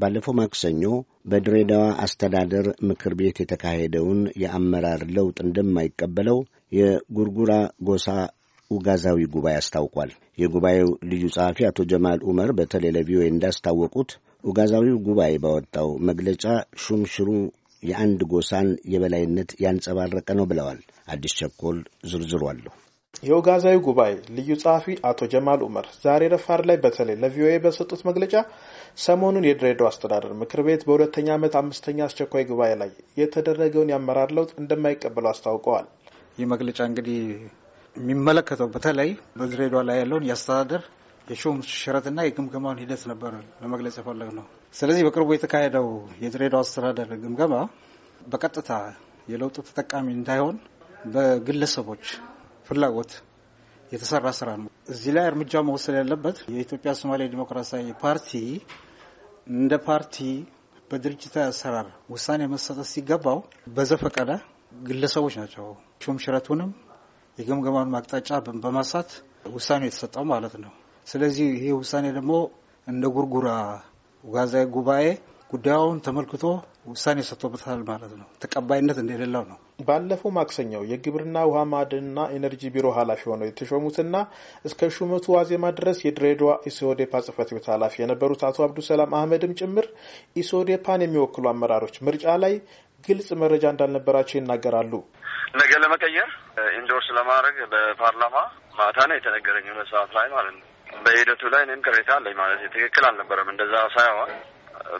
ባለፈው ማክሰኞ በድሬዳዋ አስተዳደር ምክር ቤት የተካሄደውን የአመራር ለውጥ እንደማይቀበለው የጉርጉራ ጎሳ ኡጋዛዊ ጉባኤ አስታውቋል። የጉባኤው ልዩ ጸሐፊ አቶ ጀማል ኡመር በተለይ ለቪኦኤ እንዳስታወቁት ኡጋዛዊው ጉባኤ ባወጣው መግለጫ ሹምሽሩ የአንድ ጎሳን የበላይነት ያንጸባረቀ ነው ብለዋል። አዲስ ቸኮል ዝርዝሩ አለሁ የኦጋዛዊ ጉባኤ ልዩ ጸሐፊ አቶ ጀማል ኡመር ዛሬ ረፋድ ላይ በተለይ ለቪኦኤ በሰጡት መግለጫ ሰሞኑን የድሬዳዋ አስተዳደር ምክር ቤት በሁለተኛ ዓመት አምስተኛ አስቸኳይ ጉባኤ ላይ የተደረገውን የአመራር ለውጥ እንደማይቀበሉ አስታውቀዋል። ይህ መግለጫ እንግዲህ የሚመለከተው በተለይ በድሬዳዋ ላይ ያለውን የአስተዳደር የሹም ሽረትና የግምገማውን ሂደት ነበር ለመግለጽ የፈለግ ነው። ስለዚህ በቅርቡ የተካሄደው የድሬዳዋ አስተዳደር ግምገማ በቀጥታ የለውጡ ተጠቃሚ እንዳይሆን በግለሰቦች ፍላጎት የተሰራ ስራ ነው። እዚህ ላይ እርምጃ መወሰድ ያለበት የኢትዮጵያ ሶማሌ ዲሞክራሲያዊ ፓርቲ እንደ ፓርቲ በድርጅታዊ አሰራር ውሳኔ መሰጠት ሲገባው በዘፈቀደ ግለሰቦች ናቸው ሹምሽረቱንም የግምገማን ማቅጣጫ በማሳት ውሳኔ የተሰጠው ማለት ነው። ስለዚህ ይህ ውሳኔ ደግሞ እንደ ጉርጉራ ጋዜጣዊ ጉባኤ ጉዳዩን ተመልክቶ ውሳኔ ሰጥቶበታል ማለት ነው። ተቀባይነት እንደሌለው ነው። ባለፈው ማክሰኛው የግብርና ውሃ ማዕድንና ኤነርጂ ቢሮ ኃላፊ ሆነው የተሾሙትና እስከ ሹመቱ ዋዜማ ድረስ የድሬዳዋ ኢሶዴፓ ጽህፈት ቤት ኃላፊ የነበሩት አቶ አብዱሰላም አህመድም ጭምር ኢሶዴፓን የሚወክሉ አመራሮች ምርጫ ላይ ግልጽ መረጃ እንዳልነበራቸው ይናገራሉ። ነገ ለመቀየር ኢንዶርስ ለማድረግ በፓርላማ ማታ ነው የተነገረኝ፣ ሰዓት ላይ ማለት ነው። በሂደቱ ላይ እኔም ቅሬታ አለኝ ማለት ትክክል አልነበረም እንደዛ ሳይሆን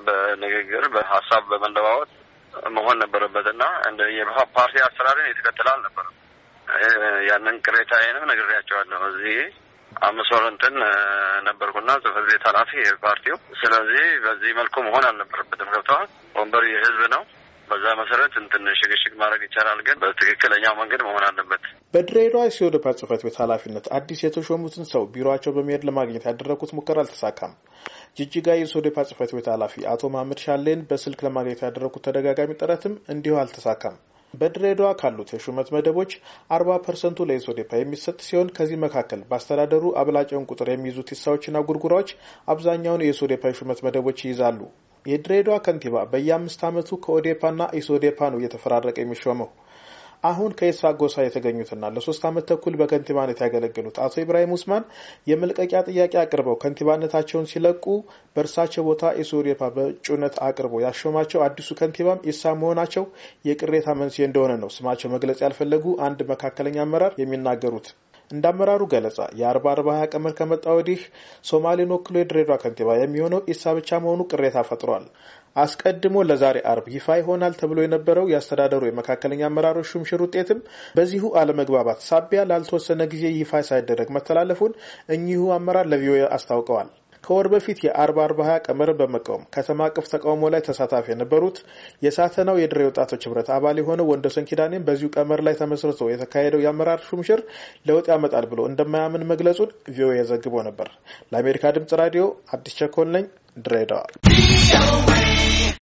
በንግግር በሀሳብ በመለዋወጥ መሆን ነበረበትና እንደ ፓርቲ አሰራርን የተከተለ አልነበረም። ያንን ቅሬታዬንም ነግሬያቸዋለሁ። እዚህ አምስት ወር እንትን ነበርኩና ጽህፈት ቤት ኃላፊ የፓርቲው። ስለዚህ በዚህ መልኩ መሆን አልነበረበትም። ገብተዋል። ወንበር የህዝብ ነው። በዛ መሰረት እንትን ሽግሽግ ማድረግ ይቻላል፣ ግን በትክክለኛው መንገድ መሆን አለበት። በድሬዳዋ የኦዴፓ ጽህፈት ቤት ኃላፊነት አዲስ የተሾሙትን ሰው ቢሮቸው በመሄድ ለማግኘት ያደረጉት ሙከራ አልተሳካም። ጅጅጋ የሶዴፓ ጽህፈት ቤት ኃላፊ አቶ መሀመድ ሻሌን በስልክ ለማግኘት ያደረጉት ተደጋጋሚ ጥረትም እንዲሁ አልተሳካም። በድሬዳዋ ካሉት የሹመት መደቦች አርባ ፐርሰንቱ ለኢሶዴፓ የሚሰጥ ሲሆን ከዚህ መካከል በአስተዳደሩ አብላጫውን ቁጥር የሚይዙት ኢሳዎችና ጉርጉራዎች አብዛኛውን የኢሶዴፓ የሹመት መደቦች ይይዛሉ። የድሬዳዋ ከንቲባ በየአምስት ዓመቱ ከኦዴፓና ኢሶዴፓ ነው እየተፈራረቀ የሚሾመው። አሁን ከይስሐቅ ጎሳ የተገኙትና ለሶስት ዓመት ተኩል በከንቲባነት ያገለግሉት አቶ ኢብራሂም ውስማን የመልቀቂያ ጥያቄ አቅርበው ከንቲባነታቸውን ሲለቁ በእርሳቸው ቦታ ኢሶዴፓ በእጩነት አቅርቦ ያሾማቸው አዲሱ ከንቲባም ኢሳ መሆናቸው የቅሬታ መንስኤ እንደሆነ ነው ስማቸው መግለጽ ያልፈለጉ አንድ መካከለኛ አመራር የሚናገሩት። እንደ አመራሩ ገለጻ የአርባ አርባ ሀያ ቀመር ከመጣ ወዲህ ሶማሌን ወክሎ የድሬዳዋ ከንቲባ የሚሆነው ኢሳ ብቻ መሆኑ ቅሬታ ፈጥሯል። አስቀድሞ ለዛሬ አርብ ይፋ ይሆናል ተብሎ የነበረው የአስተዳደሩ የመካከለኛ አመራሮች ሹምሽር ውጤትም በዚሁ አለመግባባት ሳቢያ ላልተወሰነ ጊዜ ይፋ ሳይደረግ መተላለፉን እኚሁ አመራር ለቪኦኤ አስታውቀዋል። ከወር በፊት የአርባ አርባ ሀያ ቀመርን በመቃወም ከተማ አቀፍ ተቃውሞ ላይ ተሳታፊ የነበሩት የሳተናው የድሬ ወጣቶች ህብረት አባል የሆነው ወንደሰን ኪዳኔም በዚሁ ቀመር ላይ ተመስርቶ የተካሄደው የአመራር ሹምሽር ለውጥ ያመጣል ብሎ እንደማያምን መግለጹን ቪኦኤ ዘግቦ ነበር። ለአሜሪካ ድምጽ ራዲዮ አዲስ ቸኮል ነኝ ድሬዳዋ።